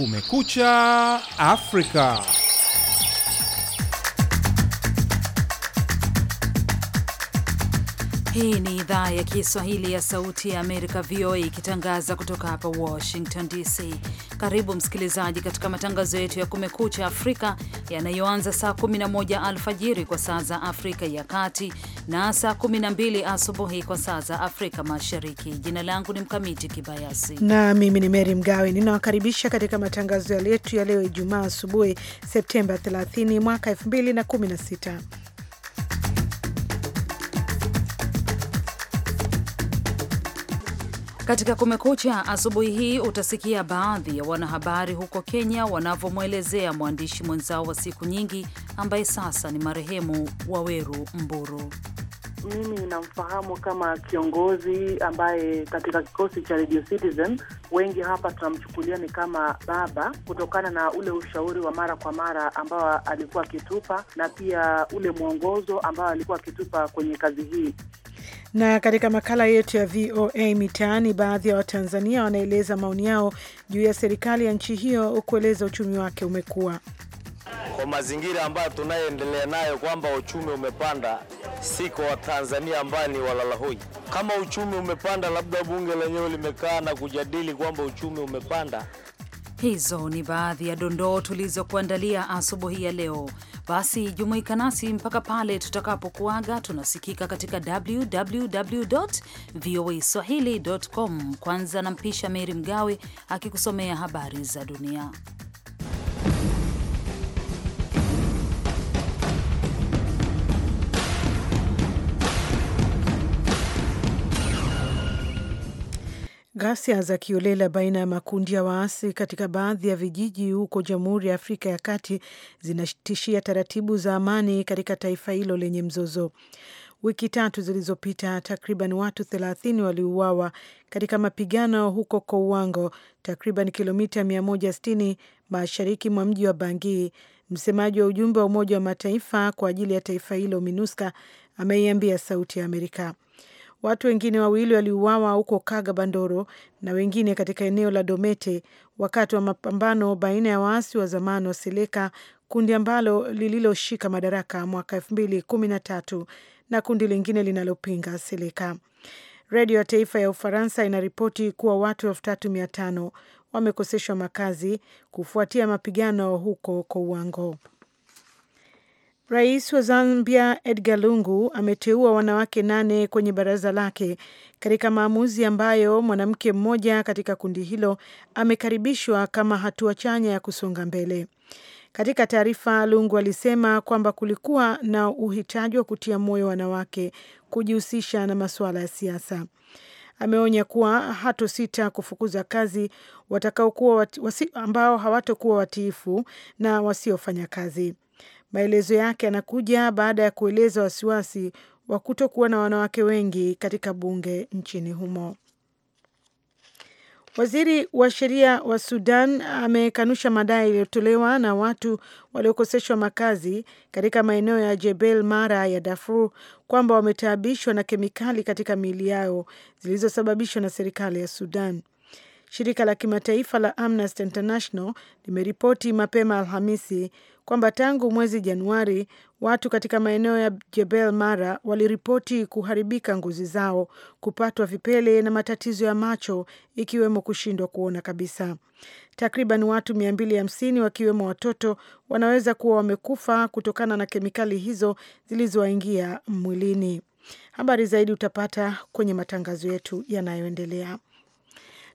Kumekucha Afrika. Hii ni idhaa ya Kiswahili ya Sauti ya Amerika, VOA, ikitangaza kutoka hapa Washington DC. Karibu msikilizaji katika matangazo yetu ya Kumekucha Afrika yanayoanza saa 11 alfajiri kwa saa za Afrika ya Kati na saa 12 asubuhi kwa saa za Afrika Mashariki. Jina langu ni Mkamiti Kibayasi na mimi ni Meri Mgawe, ninawakaribisha katika matangazo yetu ya leo Ijumaa asubuhi Septemba 30 mwaka 2016. Katika Kumekucha asubuhi hii utasikia baadhi ya wanahabari huko Kenya wanavyomwelezea mwandishi mwenzao wa siku nyingi ambaye sasa ni marehemu Waweru Mburu. Mimi ninamfahamu kama kiongozi ambaye katika kikosi cha Radio Citizen wengi hapa tunamchukulia ni kama baba, kutokana na ule ushauri wa mara kwa mara ambao alikuwa akitupa na pia ule mwongozo ambao alikuwa akitupa kwenye kazi hii. Na katika makala yetu ya VOA Mitaani, baadhi ya Watanzania wanaeleza maoni yao juu ya serikali ya nchi hiyo kueleza uchumi wake umekuwa kwa mazingira ambayo tunayoendelea nayo kwamba uchumi umepanda, siko Watanzania ambayo ni walalahoi. Kama uchumi umepanda, labda bunge lenyewe limekaa na kujadili kwamba uchumi umepanda. Hizo ni baadhi ya dondoo tulizokuandalia asubuhi ya leo. Basi jumuika nasi mpaka pale tutakapokuaga. Tunasikika katika www voa swahili.com. Kwanza nampisha Meri Mgawe akikusomea habari za dunia. Ghasia za kiolela baina ya makundi ya waasi katika baadhi ya vijiji huko Jamhuri ya Afrika ya Kati zinatishia taratibu za amani katika taifa hilo lenye mzozo. Wiki tatu zilizopita takriban watu thelathini waliuawa katika mapigano huko Kouango, takriban kilomita 160 mashariki mwa mji wa Bangi. Msemaji wa ujumbe wa Umoja wa Mataifa kwa ajili ya taifa hilo MINUSCA ameiambia Sauti ya Amerika Watu wengine wawili waliuawa huko kaga bandoro na wengine katika eneo la Domete wakati wa mapambano baina ya waasi wa zamani wa Seleka, kundi ambalo lililoshika madaraka mwaka elfu mbili kumi na tatu na kundi lingine linalopinga Seleka. Redio ya taifa ya Ufaransa inaripoti kuwa watu elfu tatu mia tano wamekoseshwa makazi kufuatia mapigano huko Kouango. Rais wa Zambia Edgar Lungu ameteua wanawake nane kwenye baraza lake katika maamuzi ambayo mwanamke mmoja katika kundi hilo amekaribishwa kama hatua chanya ya kusonga mbele. Katika taarifa, Lungu alisema kwamba kulikuwa na uhitaji wa kutia moyo wanawake kujihusisha na masuala ya siasa. Ameonya kuwa hato sita kufukuza kazi watakaokuwa wasi, ambao hawatokuwa watiifu na wasiofanya kazi. Maelezo yake yanakuja baada ya kueleza wasiwasi wa kutokuwa na wanawake wengi katika bunge nchini humo. Waziri wa sheria wa Sudan amekanusha madai yaliyotolewa na watu waliokoseshwa makazi katika maeneo ya Jebel Mara ya Darfur kwamba wametaabishwa na kemikali katika miili yao zilizosababishwa na serikali ya Sudan. Shirika la kimataifa la Amnesty International limeripoti mapema Alhamisi kwamba tangu mwezi Januari watu katika maeneo ya Jebel Mara waliripoti kuharibika ngozi zao, kupatwa vipele na matatizo ya macho ikiwemo kushindwa kuona kabisa. Takriban watu 250 wakiwemo watoto wanaweza kuwa wamekufa kutokana na kemikali hizo zilizowaingia mwilini. Habari zaidi utapata kwenye matangazo yetu yanayoendelea.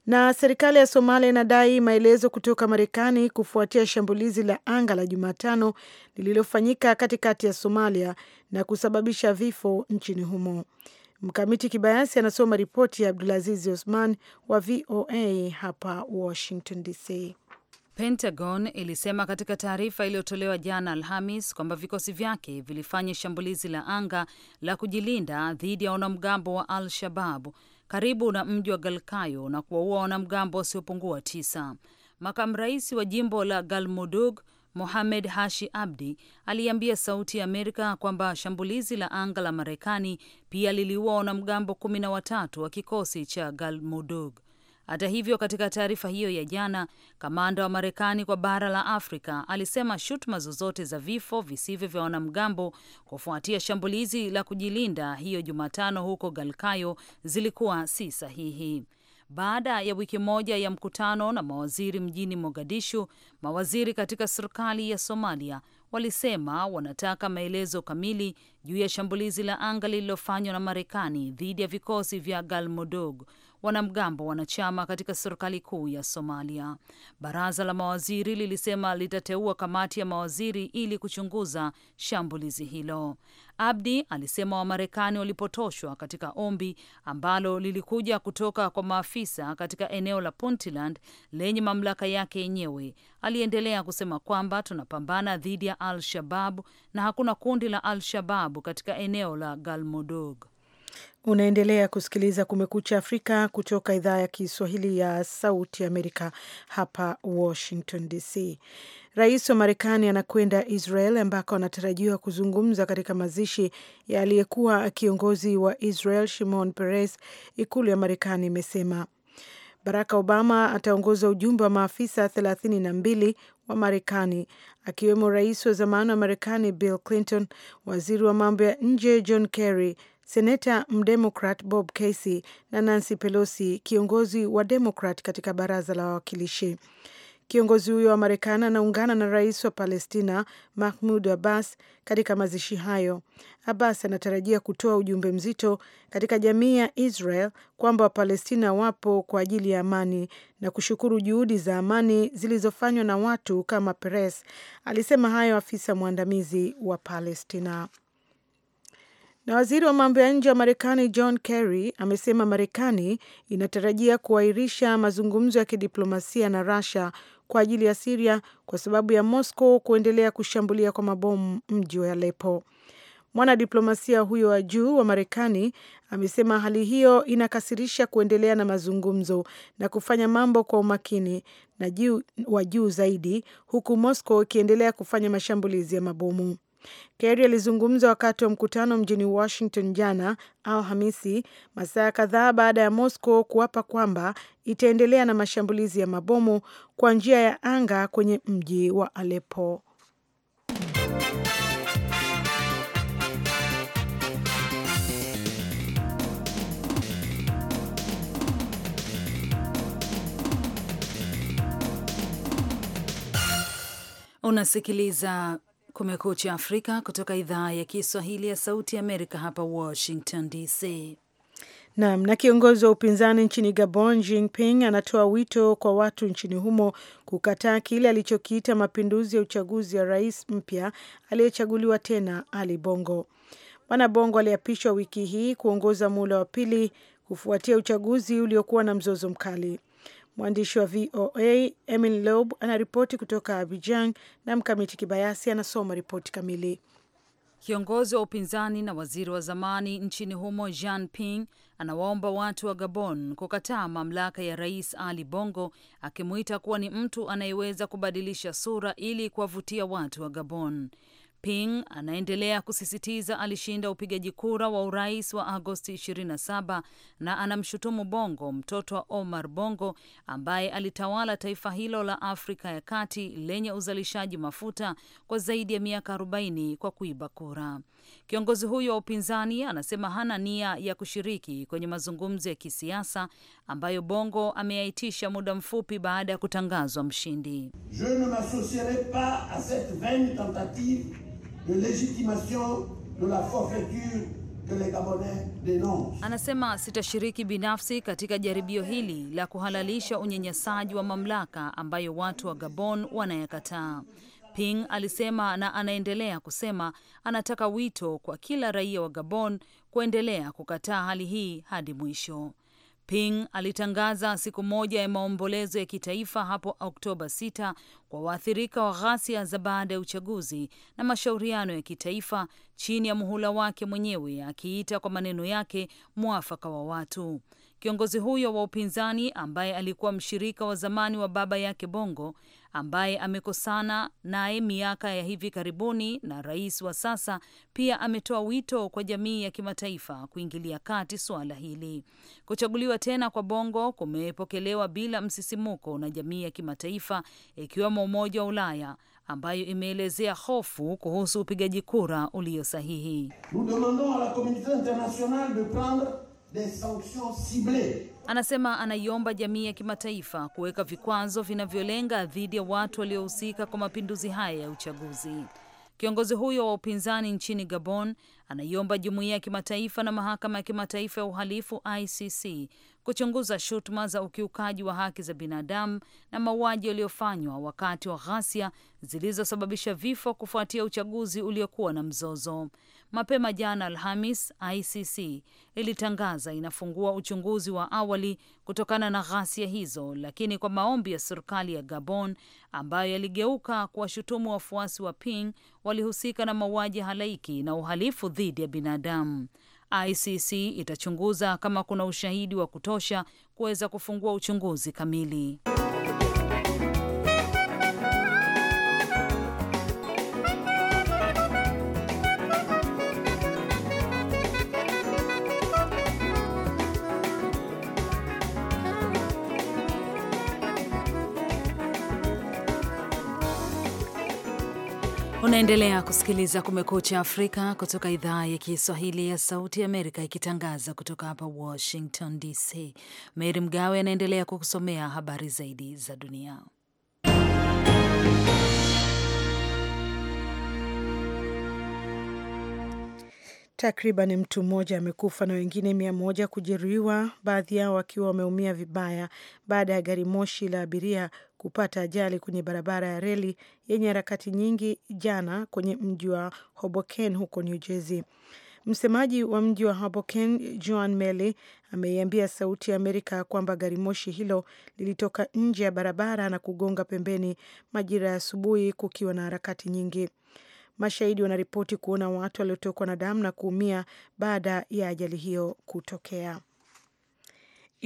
Na serikali ya Somalia inadai maelezo kutoka Marekani kufuatia shambulizi la anga la Jumatano lililofanyika katikati ya Somalia na kusababisha vifo nchini humo. Mkamiti Kibayasi anasoma ripoti ya Abdulaziz Osman wa VOA hapa Washington DC. Pentagon ilisema katika taarifa iliyotolewa jana Alhamis kwamba vikosi vyake vilifanya shambulizi la anga la kujilinda dhidi ya wanamgambo wa Al Shababu karibu na mji wa Galkayo na kuwaua wanamgambo wasiopungua tisa. Makamu rais wa jimbo la Galmudug Mohamed Hashi Abdi aliambia Sauti ya Amerika kwamba shambulizi la anga la Marekani pia liliua wanamgambo kumi na watatu wa kikosi cha Galmudug. Hata hivyo, katika taarifa hiyo ya jana, kamanda wa Marekani kwa bara la Afrika alisema shutuma zozote za vifo visivyo vya wanamgambo kufuatia shambulizi la kujilinda hiyo Jumatano huko Galkayo zilikuwa si sahihi. Baada ya wiki moja ya mkutano na mawaziri mjini Mogadishu, mawaziri katika serikali ya Somalia walisema wanataka maelezo kamili juu ya shambulizi la anga lililofanywa na Marekani dhidi ya vikosi vya galmodog wanamgambo wanachama katika serikali kuu ya Somalia. Baraza la mawaziri lilisema litateua kamati ya mawaziri ili kuchunguza shambulizi hilo. Abdi alisema Wamarekani walipotoshwa katika ombi ambalo lilikuja kutoka kwa maafisa katika eneo la Puntland lenye mamlaka yake yenyewe. Aliendelea kusema kwamba tunapambana dhidi ya Al Shababu na hakuna kundi la Al Shababu katika eneo la Galmudug. Unaendelea kusikiliza Kumekucha Afrika kutoka idhaa ya Kiswahili ya Sauti Amerika, hapa Washington DC. Rais wa Marekani anakwenda Israel ambako anatarajiwa kuzungumza katika mazishi ya aliyekuwa kiongozi wa Israel Shimon Peres. Ikulu ya Marekani imesema Barack Obama ataongoza ujumbe wa maafisa thelathini na mbili wa Marekani akiwemo rais wa zamani wa Marekani Bill Clinton, waziri wa mambo ya nje John Kerry, Seneta mdemokrat Bob Casey na Nancy Pelosi, kiongozi wa Demokrat katika baraza la wawakilishi. Kiongozi huyo wa Marekani anaungana na rais wa Palestina Mahmud Abbas katika mazishi hayo. Abbas anatarajia kutoa ujumbe mzito katika jamii ya Israel kwamba Wapalestina wapo kwa ajili ya amani na kushukuru juhudi za amani zilizofanywa na watu kama Peres. Alisema hayo afisa mwandamizi wa Palestina. Na waziri wa mambo ya nje wa Marekani John Kerry amesema Marekani inatarajia kuahirisha mazungumzo ya kidiplomasia na Russia kwa ajili ya Siria kwa sababu ya Moscow kuendelea kushambulia kwa mabomu mji wa Aleppo. Mwanadiplomasia huyo wa juu wa Marekani amesema hali hiyo inakasirisha kuendelea na mazungumzo na kufanya mambo kwa umakini na wa juu zaidi, huku Moscow ikiendelea kufanya mashambulizi ya mabomu. Kerry alizungumza wakati wa mkutano mjini Washington jana Alhamisi, masaa kadhaa baada ya Moscow kuapa kwamba itaendelea na mashambulizi ya mabomu kwa njia ya anga kwenye mji wa Aleppo. Unasikiliza Kumekucha Afrika kutoka idhaa ya Kiswahili ya Sauti ya Amerika hapa Washington DC. Naam, na kiongozi wa upinzani nchini Gabon Jinping anatoa wito kwa watu nchini humo kukataa kile alichokiita mapinduzi ya uchaguzi ya rais mpya aliyechaguliwa tena Ali Bongo. Bwana Bongo aliapishwa wiki hii kuongoza muhula wa pili kufuatia uchaguzi uliokuwa na mzozo mkali. Mwandishi wa VOA Emin Lob anaripoti kutoka abijan na Mkamiti Kibayasi anasoma ripoti kamili. Kiongozi wa upinzani na waziri wa zamani nchini humo Jean Ping anawaomba watu wa Gabon kukataa mamlaka ya Rais Ali Bongo, akimwita kuwa ni mtu anayeweza kubadilisha sura ili kuwavutia watu wa Gabon. Jinping anaendelea kusisitiza alishinda upigaji kura wa urais wa Agosti 27 na anamshutumu Bongo, mtoto wa Omar Bongo ambaye alitawala taifa hilo la Afrika ya Kati lenye uzalishaji mafuta kwa zaidi ya miaka 40 kwa kuiba kura. Kiongozi huyo wa upinzani anasema hana nia ya kushiriki kwenye mazungumzo ya kisiasa ambayo Bongo ameyaitisha muda mfupi baada ya kutangazwa mshindi. Je ne m'associerai pas a cette vaine tentative de légitimation de la forfaiture que les Gabonais dénoncent. Anasema sitashiriki binafsi katika jaribio hili la kuhalalisha unyanyasaji wa mamlaka ambayo watu wa Gabon wanayakataa. Ping alisema na anaendelea kusema anataka wito kwa kila raia wa Gabon kuendelea kukataa hali hii hadi mwisho. Ping alitangaza siku moja ya maombolezo ya kitaifa hapo Oktoba 6 kwa waathirika wa ghasia za baada ya uchaguzi na mashauriano ya kitaifa chini ya muhula wake mwenyewe, akiita kwa maneno yake mwafaka wa watu. Kiongozi huyo wa upinzani ambaye alikuwa mshirika wa zamani wa baba yake Bongo, ambaye amekosana naye miaka ya hivi karibuni na rais wa sasa, pia ametoa wito kwa jamii ya kimataifa kuingilia kati suala hili. Kuchaguliwa tena kwa Bongo kumepokelewa bila msisimuko na jamii ya kimataifa ikiwemo Umoja wa Ulaya ambayo imeelezea hofu kuhusu upigaji kura ulio sahihi. Anasema anaiomba jamii ya kimataifa kuweka vikwazo vinavyolenga dhidi ya watu waliohusika kwa mapinduzi haya ya uchaguzi. Kiongozi huyo wa upinzani nchini Gabon anaiomba jumuiya ya kimataifa na mahakama ya kimataifa ya uhalifu ICC kuchunguza shutuma za ukiukaji wa haki za binadamu na mauaji yaliyofanywa wakati wa ghasia zilizosababisha vifo kufuatia uchaguzi uliokuwa na mzozo. Mapema jana Alhamis, ICC ilitangaza inafungua uchunguzi wa awali kutokana na ghasia hizo, lakini kwa maombi ya serikali ya Gabon ambayo yaligeuka kuwashutumu wafuasi wa Ping walihusika na mauaji halaiki na uhalifu dhidi ya binadamu. ICC itachunguza kama kuna ushahidi wa kutosha kuweza kufungua uchunguzi kamili. Unaendelea kusikiliza Kumekucha Afrika kutoka idhaa ya Kiswahili ya Sauti Amerika, ikitangaza kutoka hapa Washington DC. Meri Mgawe anaendelea kukusomea habari zaidi za dunia. Takriban mtu mmoja amekufa na wengine mia moja kujeruhiwa, baadhi yao wakiwa wameumia vibaya baada ya gari moshi la abiria kupata ajali kwenye barabara ya reli yenye harakati nyingi jana kwenye mji wa Hoboken huko New Jersey. Msemaji wa mji wa Hoboken, Joan Meli, ameiambia Sauti ya Amerika kwamba gari moshi hilo lilitoka nje ya barabara na kugonga pembeni majira ya asubuhi kukiwa na harakati nyingi. Mashahidi wanaripoti kuona watu waliotokwa na damu na kuumia baada ya ajali hiyo kutokea.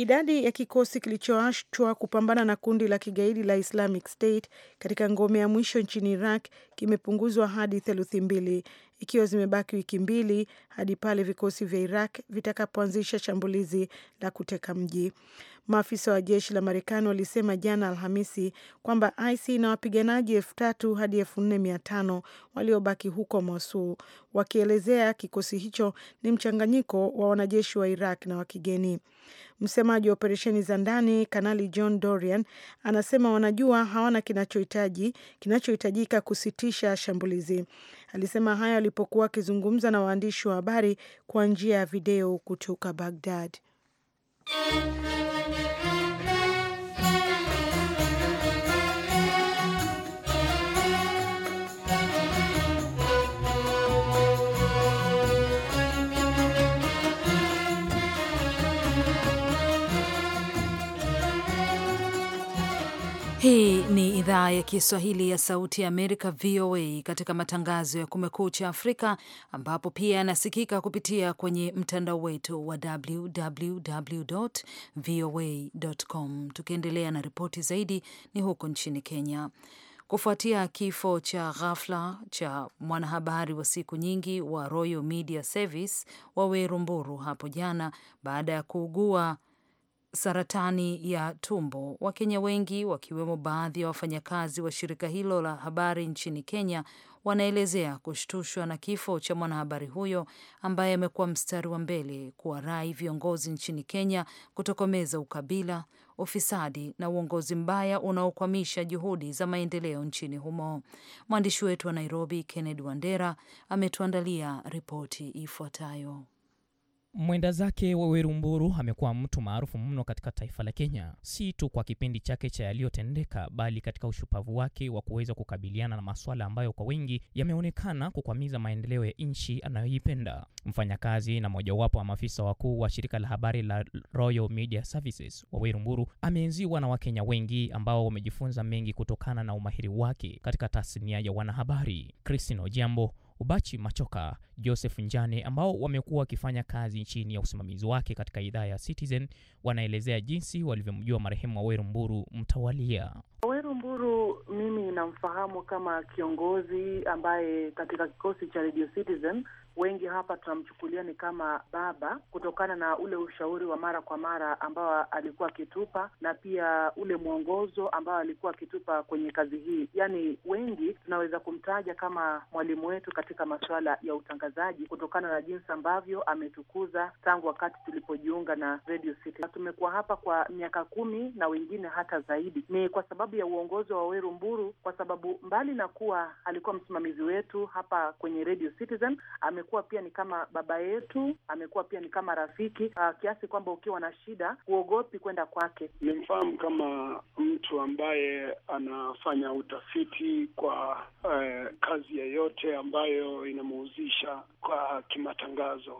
Idadi ya kikosi kilichoachwa kupambana na kundi la kigaidi la Islamic State katika ngome ya mwisho nchini Iraq kimepunguzwa hadi theluthi mbili, ikiwa zimebaki wiki mbili hadi pale vikosi vya Iraq vitakapoanzisha shambulizi la kuteka mji. Maafisa wa jeshi la Marekani walisema jana Alhamisi kwamba IC na wapiganaji elfu tatu hadi elfu nne mia tano waliobaki huko Mosul, wakielezea kikosi hicho ni mchanganyiko wa wanajeshi wa Iraq na wa kigeni. Msemaji wa operesheni za ndani Kanali John Dorian anasema wanajua hawana kinachohitaji kinachohitajika kusitisha shambulizi. Alisema hayo alipokuwa akizungumza na waandishi wa habari kwa njia ya video kutoka bagdad Hii ni idhaa ya Kiswahili ya Sauti ya Amerika, VOA, katika matangazo ya Kumekucha Afrika, ambapo pia yanasikika kupitia kwenye mtandao wetu wa www voa com. Tukiendelea na ripoti zaidi, ni huko nchini Kenya. Kufuatia kifo cha ghafla cha mwanahabari wa siku nyingi wa Royal Media Service wa werumburu hapo jana baada ya kuugua saratani ya tumbo. Wakenya wengi wakiwemo baadhi ya wafanyakazi wa shirika hilo la habari nchini Kenya wanaelezea kushtushwa na kifo cha mwanahabari huyo ambaye amekuwa mstari wa mbele kuwarai viongozi nchini Kenya kutokomeza ukabila, ufisadi na uongozi mbaya unaokwamisha juhudi za maendeleo nchini humo. Mwandishi wetu wa Nairobi, Kennedy Wandera, ametuandalia ripoti ifuatayo. Mwenda zake Waweru Mburu amekuwa mtu maarufu mno katika taifa la Kenya, si tu kwa kipindi chake cha yaliyotendeka, bali katika ushupavu wake wa kuweza kukabiliana na masuala ambayo kwa wengi yameonekana kukwamiza maendeleo ya nchi anayoipenda. Mfanyakazi na mojawapo wa maafisa wakuu wa shirika la habari la Royal Media Services, Waweru Mburu ameenziwa na Wakenya wengi ambao wamejifunza mengi kutokana na umahiri wake katika tasnia ya wanahabari. Christine Ojiambo Ubachi Machoka, Joseph Njane ambao wamekuwa wakifanya kazi chini ya usimamizi wake katika idhaa ya Citizen wanaelezea jinsi walivyomjua marehemu Waweru Mburu mtawalia. Waweru Mburu mimi namfahamu kama kiongozi ambaye katika kikosi cha Radio Citizen wengi hapa tunamchukulia ni kama baba kutokana na ule ushauri wa mara kwa mara ambao alikuwa akitupa na pia ule mwongozo ambao alikuwa akitupa kwenye kazi hii. Yaani wengi tunaweza kumtaja kama mwalimu wetu katika masuala ya utangazaji kutokana na jinsi ambavyo ametukuza tangu wakati tulipojiunga na Radio City. Tumekuwa hapa kwa miaka kumi na wengine hata zaidi. Ni kwa sababu ya uongozi wa Weru Mburu, kwa sababu mbali na kuwa alikuwa msimamizi wetu hapa kwenye Radio Citizen amekuwa pia ni kama baba yetu, amekuwa pia ni kama rafiki uh, kiasi kwamba ukiwa na shida huogopi kwenda kwake. Nimfahamu kama mtu ambaye anafanya utafiti kwa eh, kazi yeyote ambayo inamuhuzisha kwa kimatangazo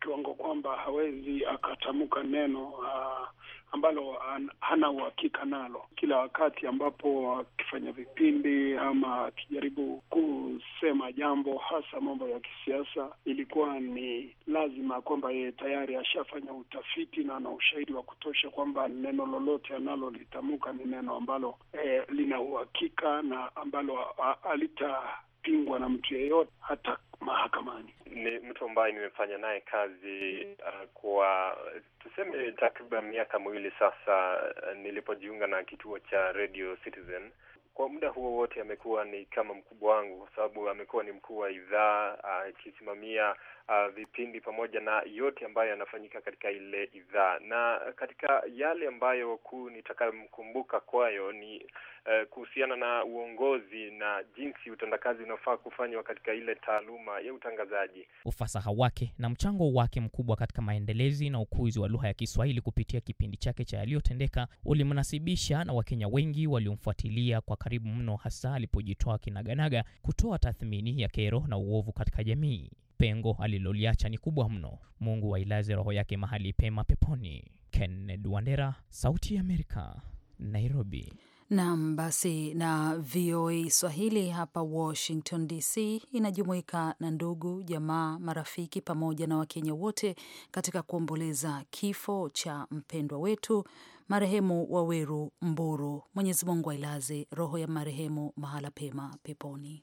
kiwango kwamba hawezi akatamka neno uh, ambalo hana uhakika nalo. Kila wakati ambapo akifanya vipindi ama akijaribu kusema jambo, hasa mambo ya kisiasa, ilikuwa ni lazima kwamba yeye tayari ashafanya utafiti na ana ushahidi wa kutosha kwamba neno lolote analolitamka ni neno ambalo eh, lina uhakika na ambalo ah, alitapingwa na mtu yeyote hata mahakamani ni mtu ambaye nimefanya naye kazi mm-hmm. uh, kwa tuseme takriban miaka miwili sasa, uh, nilipojiunga na kituo cha Radio Citizen. Kwa muda huo wote amekuwa ni kama mkubwa wangu, kwa sababu amekuwa ni mkuu wa idhaa uh, akisimamia uh, uh, vipindi pamoja na yote ambayo yanafanyika katika ile idhaa, na katika yale ambayo kuu nitakayomkumbuka kwayo ni eh, kuhusiana na uongozi na jinsi utendakazi unaofaa kufanywa katika ile taaluma ya utangazaji. Ufasaha wake na mchango wake mkubwa katika maendelezi na ukuzi wa lugha ya Kiswahili kupitia kipindi chake cha Yaliyotendeka ulimnasibisha na Wakenya wengi waliomfuatilia kwa karibu mno, hasa alipojitoa kinaganaga kutoa tathmini ya kero na uovu katika jamii. Pengo aliloliacha ni kubwa mno. Mungu wailaze roho yake mahali pema peponi. Kennedy Wandera, Sauti ya Amerika, Nairobi. Nam basi na VOA Swahili hapa Washington DC inajumuika na ndugu, jamaa, marafiki pamoja na Wakenya wote katika kuomboleza kifo cha mpendwa wetu marehemu Waweru Mburu. Mwenyezi Mungu ailaze roho ya marehemu mahala pema peponi.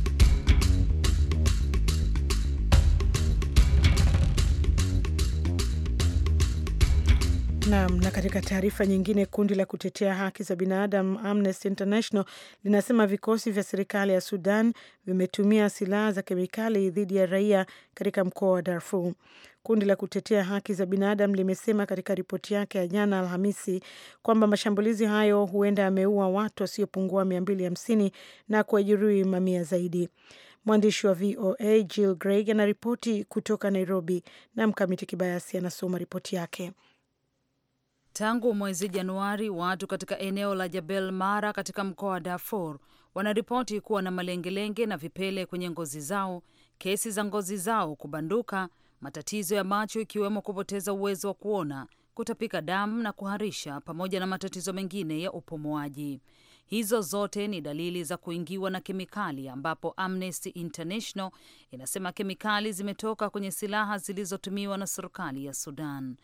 Naam, na katika taarifa nyingine, kundi la kutetea haki za binadamu Amnesty International linasema vikosi vya serikali ya Sudan vimetumia silaha za kemikali dhidi ya raia katika mkoa wa Darfur. Kundi la kutetea haki za binadamu limesema katika ripoti yake ya jana Alhamisi kwamba mashambulizi hayo huenda yameua watu wasiopungua 250 na kuwajeruhi mamia zaidi. Mwandishi wa VOA Jill greig anaripoti kutoka Nairobi na Mkamiti Kibayasi anasoma ripoti yake. Tangu mwezi Januari, watu katika eneo la Jabel Mara katika mkoa wa Darfur wanaripoti kuwa na malengelenge na vipele kwenye ngozi zao, kesi za ngozi zao kubanduka, matatizo ya macho ikiwemo kupoteza uwezo wa kuona, kutapika damu na kuharisha, pamoja na matatizo mengine ya upumuaji. Hizo zote ni dalili za kuingiwa na kemikali ambapo Amnesty International inasema kemikali zimetoka kwenye silaha zilizotumiwa na serikali ya Sudan.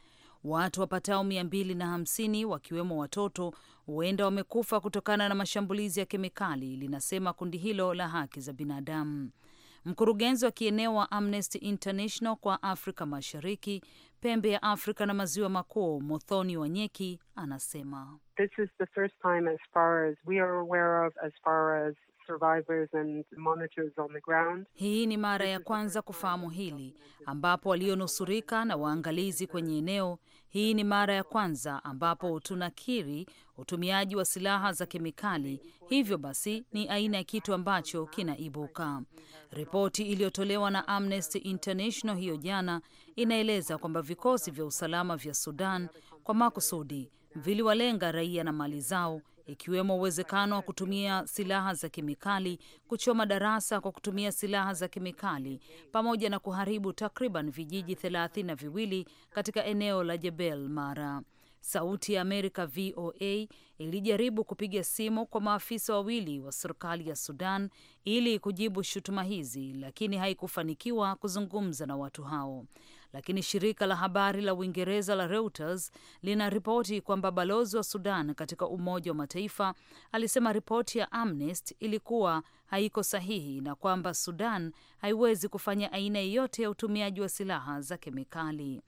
Watu wapatao 250 wakiwemo watoto huenda wamekufa kutokana na mashambulizi ya kemikali, linasema kundi hilo la haki za binadamu. Mkurugenzi wa kieneo wa Amnesty International kwa Afrika Mashariki, pembe ya Afrika na maziwa makuu, Mothoni Wanyeki anasema hii ni mara ya kwanza kufahamu hili, ambapo walionusurika na waangalizi kwenye eneo hii ni mara ya kwanza ambapo tunakiri utumiaji wa silaha za kemikali, hivyo basi ni aina ya kitu ambacho kinaibuka. Ripoti iliyotolewa na Amnesty International hiyo jana inaeleza kwamba vikosi vya usalama vya Sudan kwa makusudi viliwalenga raia na mali zao ikiwemo uwezekano wa kutumia silaha za kemikali, kuchoma darasa kwa kutumia silaha za kemikali, pamoja na kuharibu takriban vijiji thelathini na viwili katika eneo la Jebel Mara. Sauti ya Amerika VOA ilijaribu kupiga simu kwa maafisa wawili wa serikali ya Sudan ili kujibu shutuma hizi, lakini haikufanikiwa kuzungumza na watu hao lakini shirika la habari la Uingereza la Reuters ripoti kwamba balozi wa Sudan katika Umoja wa Mataifa alisema ripoti ya Amnesty ilikuwa haiko sahihi na kwamba Sudan haiwezi kufanya aina yoyote ya utumiaji wa silaha za kemikali.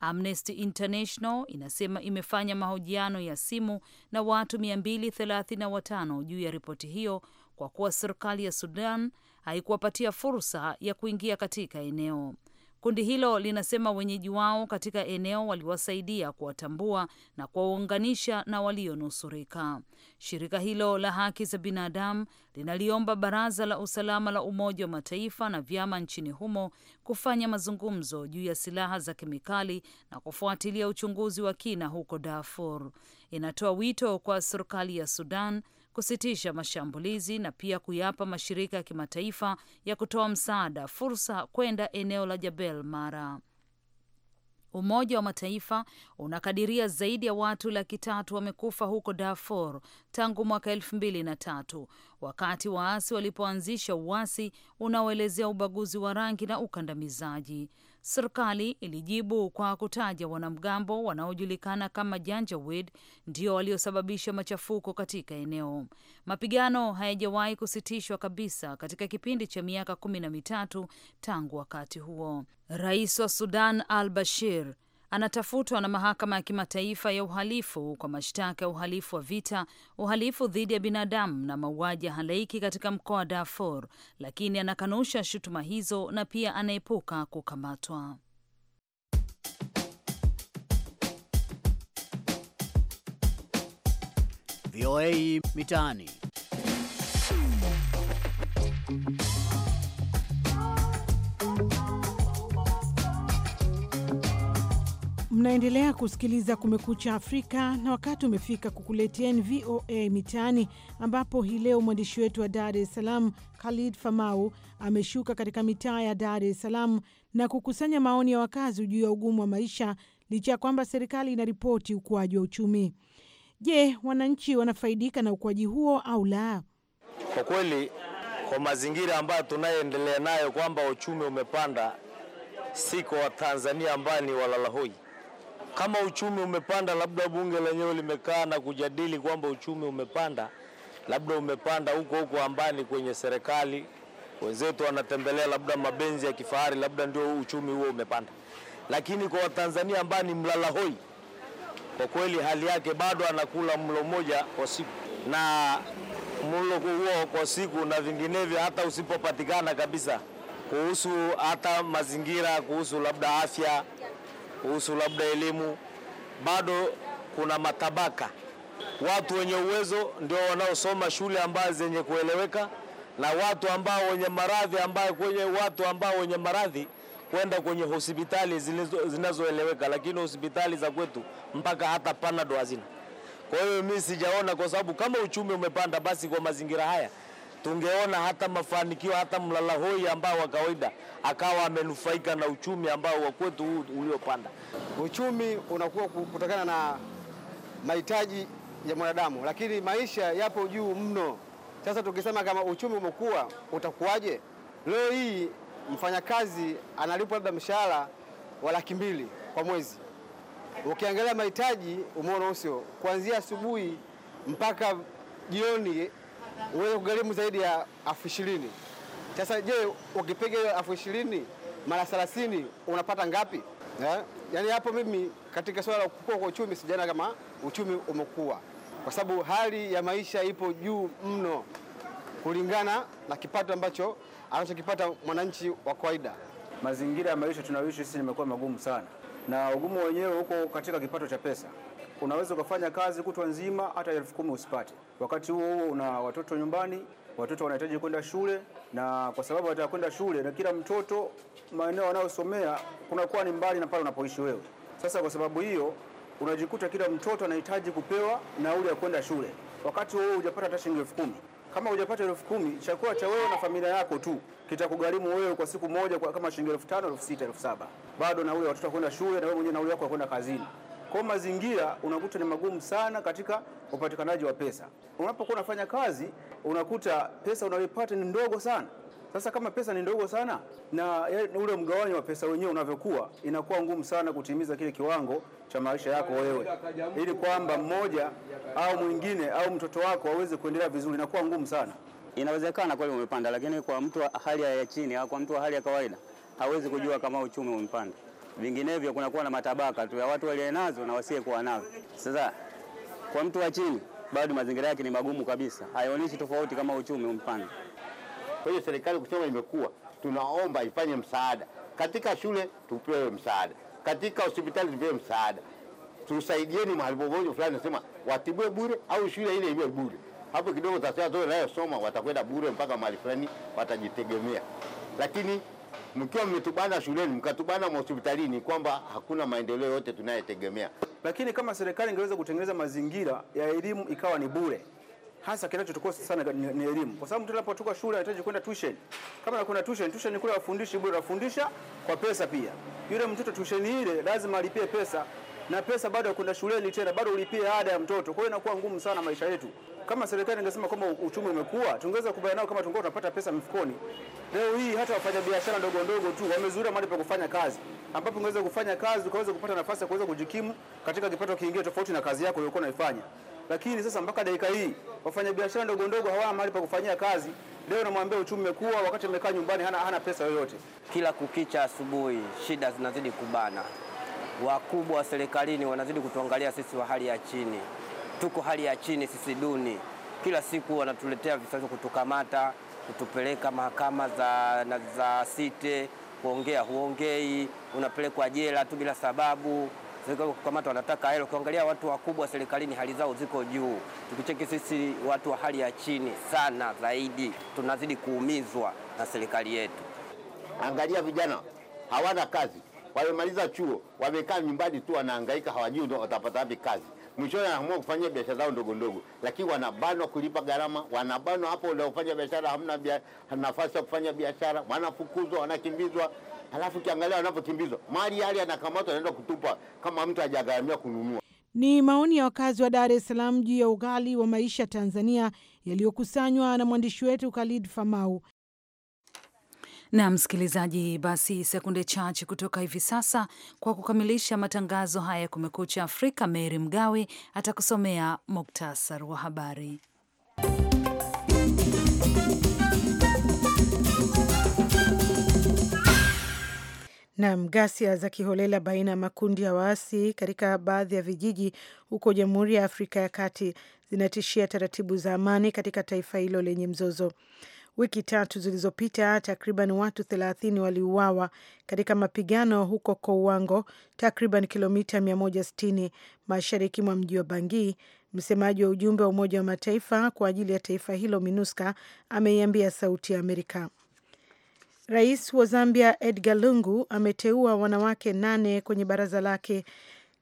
Amnesty International inasema imefanya mahojiano ya simu na watu 235 juu ya ripoti hiyo kwa kuwa serikali ya Sudan haikuwapatia fursa ya kuingia katika eneo. Kundi hilo linasema wenyeji wao katika eneo waliwasaidia kuwatambua na kuwaunganisha na walionusurika. Shirika hilo la haki za binadamu linaliomba Baraza la Usalama la Umoja wa Mataifa na vyama nchini humo kufanya mazungumzo juu ya silaha za kemikali na kufuatilia uchunguzi wa kina huko Darfur. Inatoa wito kwa serikali ya Sudan kusitisha mashambulizi na pia kuyapa mashirika ya kimataifa ya kutoa msaada fursa kwenda eneo la jabel Mara. Umoja wa Mataifa unakadiria zaidi ya watu laki tatu wamekufa huko Darfur tangu mwaka elfu mbili na tatu wakati waasi walipoanzisha uasi unaoelezea ubaguzi wa rangi na ukandamizaji. Serikali ilijibu kwa kutaja wanamgambo wanaojulikana kama Janjaweed ndio waliosababisha machafuko katika eneo. Mapigano hayajawahi kusitishwa kabisa katika kipindi cha miaka kumi na mitatu tangu wakati huo. Rais wa Sudan al Bashir anatafutwa na mahakama ya kimataifa ya uhalifu kwa mashtaka ya uhalifu wa vita, uhalifu dhidi ya binadamu na mauaji ya halaiki katika mkoa wa Darfur, lakini anakanusha shutuma hizo na pia anaepuka kukamatwa. VOA Mitaani. Mnaendelea kusikiliza Kumekucha Afrika na wakati umefika kukuleteni VOA Mitaani, ambapo hii leo mwandishi wetu wa Dar es Salaam Khalid Famau ameshuka katika mitaa ya Dar es Salaam na kukusanya maoni ya wakazi juu ya ugumu wa maisha licha ya kwamba serikali inaripoti ukuaji wa uchumi. Je, wananchi wanafaidika na ukuaji huo au la? Kwa kweli, kwa mazingira ambayo tunayoendelea nayo kwamba uchumi umepanda, siko Watanzania ambayo ni walalahoi kama uchumi umepanda, labda bunge lenyewe limekaa na kujadili kwamba uchumi umepanda, labda umepanda huko huko ambani kwenye serikali, wenzetu wanatembelea labda mabenzi ya kifahari, labda ndio uchumi huo umepanda. Lakini kwa Watanzania ambao ni mlala hoi, kwa kweli hali yake bado anakula mlo mmoja kwa siku na mlo huo kwa siku na vinginevyo, hata usipopatikana kabisa, kuhusu hata mazingira, kuhusu labda afya kuhusu labda elimu, bado kuna matabaka. Watu wenye uwezo ndio wanaosoma shule ambazo zenye kueleweka, na watu ambao wenye maradhi ambao kwenye watu ambao wenye maradhi kwenda kwenye hospitali zinazoeleweka, lakini hospitali za kwetu mpaka hata panado hazina. Kwa hiyo mimi sijaona, kwa sababu kama uchumi umepanda, basi kwa mazingira haya tungeona hata mafanikio hata mlalahoi ambao wa kawaida akawa amenufaika na uchumi ambao wa kwetu huu uliopanda. Uchumi unakuwa kutokana na mahitaji ya mwanadamu, lakini maisha yapo juu mno. Sasa tukisema kama uchumi umekuwa utakuwaje? Leo hii mfanyakazi analipwa labda mshahara wa laki mbili kwa mwezi, ukiangalia mahitaji umeona usio, kuanzia asubuhi mpaka jioni uweze kugharimu zaidi ya elfu ishirini. Sasa je, ukipiga hiyo elfu ishirini mara thelathini unapata ngapi? Yeah. Yaani hapo mimi katika suala la kukua kwa uchumi sijaona kama uchumi umekuwa, kwa sababu hali ya maisha ipo juu mno kulingana na kipato ambacho anachokipata mwananchi wa kawaida. Mazingira ya maisha tunayoishi sisi yamekuwa magumu sana, na ugumu wenyewe huko katika kipato cha pesa unaweza ukafanya kazi kutwa nzima hata elfu kumi usipate. Wakati huo huo una watoto nyumbani, watoto wanahitaji kwenda shule, na kwa sababu wanataka kwenda shule, na kila mtoto maeneo wanayosomea kunakuwa ni mbali na pale unapoishi wewe. Sasa kwa sababu hiyo unajikuta kila mtoto anahitaji kupewa nauli ya kwenda shule, wakati huo hujapata hata shilingi elfu kumi. Kama hujapata elfu kumi, chakula cha wewe na familia yako tu kitakugharimu wewe kwa siku moja kwa kama shilingi elfu tano, elfu sita, elfu saba, bado nauli ya watoto kwenda shule na wewe mwenyewe nauli yako ya kwenda kazini. Kwa mazingira unakuta ni magumu sana katika upatikanaji wa pesa. Unapokuwa unafanya kazi unakuta pesa unayoipata ni ndogo sana. Sasa kama pesa ni ndogo sana na yaani ule mgawanyo wa pesa wenyewe unavyokuwa, inakuwa ngumu sana kutimiza kile kiwango cha maisha yako wewe, ili kwamba mmoja au mwingine au mtoto wako aweze kuendelea vizuri, inakuwa ngumu sana. Inawezekana kweli umepanda, lakini kwa mtu wa hali ya chini au kwa mtu wa hali ya kawaida hawezi kujua kama uchumi umepanda vinginevyo kunakuwa na matabaka tu ya watu nazo na kuwa nazo. Sasa kwa mtu wa chini bado mazingira yake ni magumu kabisa, haionyeshi tofauti kama uchumi umpanda. Kwa hiyo serikali kusema imekuwa, tunaomba ifanye msaada katika shule, tupewe msaada katika hospitali, tupewe msaada, tusaidieni mahali popote fulani, nasema watibue bure au shule ile iwe bure. Hapo kidogo tasema nayosoma watakwenda bure mpaka mahali fulani watajitegemea, lakini mkiwa mmetubana shuleni mkatubana hospitalini kwamba hakuna maendeleo yote tunayetegemea. Lakini kama serikali ingeweza kutengeneza mazingira ya elimu ikawa ni bure, hasa kinachotukosa sana ni, ni elimu, kwa sababu mtu anapotoka shule anahitaji kwenda tuition. Kama kuna tuition, tuition kule wafundishi bure, wafundisha kwa pesa pia. Yule mtoto tuition ile lazima alipie pesa na pesa bado ya kwenda shuleni tena, bado ulipie ada ya mtoto. Kwa hiyo inakuwa ngumu sana maisha yetu. Kama serikali ingesema kwamba uchumi umekuwa, tungeweza kubaya nao kama tungekuwa tunapata pesa mfukoni. Leo hii hata wafanyabiashara ndogo ndogo tu wamezuria mahali pa kufanya kazi, ambapo ungeweza kufanya kazi ukaweza kupata nafasi ya kuweza kujikimu katika kipato kingine tofauti na kazi yako uliyokuwa unaifanya. Lakini sasa mpaka dakika hii wafanyabiashara ndogo ndogo hawana mahali pa kufanyia kazi. Leo namwambia uchumi umekuwa, wakati amekaa nyumbani hana, hana pesa yoyote. Kila kukicha asubuhi shida zinazidi kubana wakubwa wa serikalini wanazidi kutuangalia sisi wa hali ya chini. Tuko hali ya chini sisi, duni. Kila siku wanatuletea visasi, kutukamata, kutupeleka mahakama za, za site, kuongea huongei, unapelekwa jela tu bila sababu kukamata wanataka hilo. Ukiangalia watu wakubwa serikalini hali zao ziko juu, tukicheki sisi watu wa hali ya chini sana zaidi, tunazidi kuumizwa na serikali yetu. Angalia vijana hawana kazi wamemaliza chuo, wamekaa nyumbani tu, wanahangaika, hawajui watapata wapi kazi. Mwishowe anaamua kufanya biashara zao ndogo ndogo, lakini wanabanwa kulipa gharama, wanabanwa hapo unaofanya biashara, hamna bia, nafasi ya kufanya biashara, wanafukuzwa, wanakimbizwa. Halafu ukiangalia wanapokimbizwa, mali yale yanakamatwa, anaenda kutupa kama mtu hajagharamia kununua. Ni maoni ya wakazi wa Dar es Salaam juu ya ughali wa maisha Tanzania yaliyokusanywa na mwandishi wetu Khalid Famau na msikilizaji, basi sekunde chache kutoka hivi sasa, kwa kukamilisha matangazo haya ya Kumekucha Afrika, Mary Mgawe atakusomea muktasar wa habari. Nam, ghasia za kiholela baina ya makundi ya waasi katika baadhi ya vijiji huko Jamhuri ya Afrika ya Kati zinatishia taratibu za amani katika taifa hilo lenye mzozo. Wiki tatu zilizopita takriban watu 30 waliuawa katika mapigano huko Kouango, takriban kilomita 160 mashariki mwa mji wa Bangui. Msemaji wa ujumbe wa Umoja wa Mataifa kwa ajili ya taifa hilo MINUSCA ameiambia Sauti ya Amerika. Rais wa Zambia Edgar Lungu ameteua wanawake nane kwenye baraza lake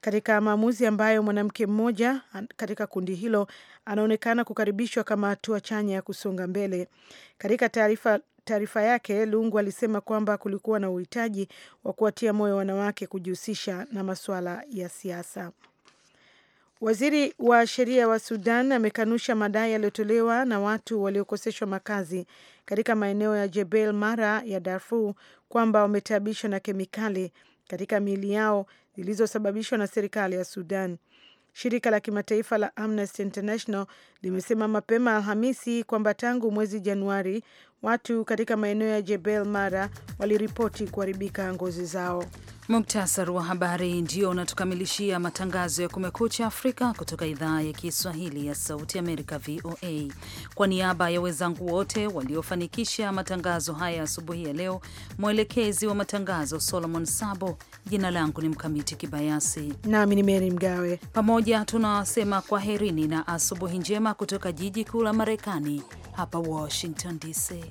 katika maamuzi ambayo mwanamke mmoja katika kundi hilo anaonekana kukaribishwa kama hatua chanya ya kusonga mbele. Katika taarifa taarifa yake Lungu alisema kwamba kulikuwa na uhitaji wa kuwatia moyo wanawake kujihusisha na masuala ya siasa. Waziri wa sheria wa Sudan amekanusha madai yaliyotolewa na watu waliokoseshwa makazi katika maeneo ya Jebel Mara ya Darfur kwamba wametaabishwa na kemikali katika miili yao zilizosababishwa na serikali ya Sudan. Shirika la kimataifa la Amnesty International limesema mapema Alhamisi kwamba tangu mwezi Januari watu katika maeneo ya Jebel Mara waliripoti kuharibika ngozi zao. Muktasar wa habari ndio unatukamilishia matangazo ya Kumekucha Afrika kutoka idhaa ya Kiswahili ya Sauti Amerika, VOA. Kwa niaba ya wenzangu wote waliofanikisha matangazo haya asubuhi ya leo, mwelekezi wa matangazo Solomon Sabo, jina langu ni Mkamiti Kibayasi nami ni Meri Mgawe. Pamoja tunawasema kwaherini na asubuhi njema kutoka jiji kuu la Marekani, hapa Washington DC.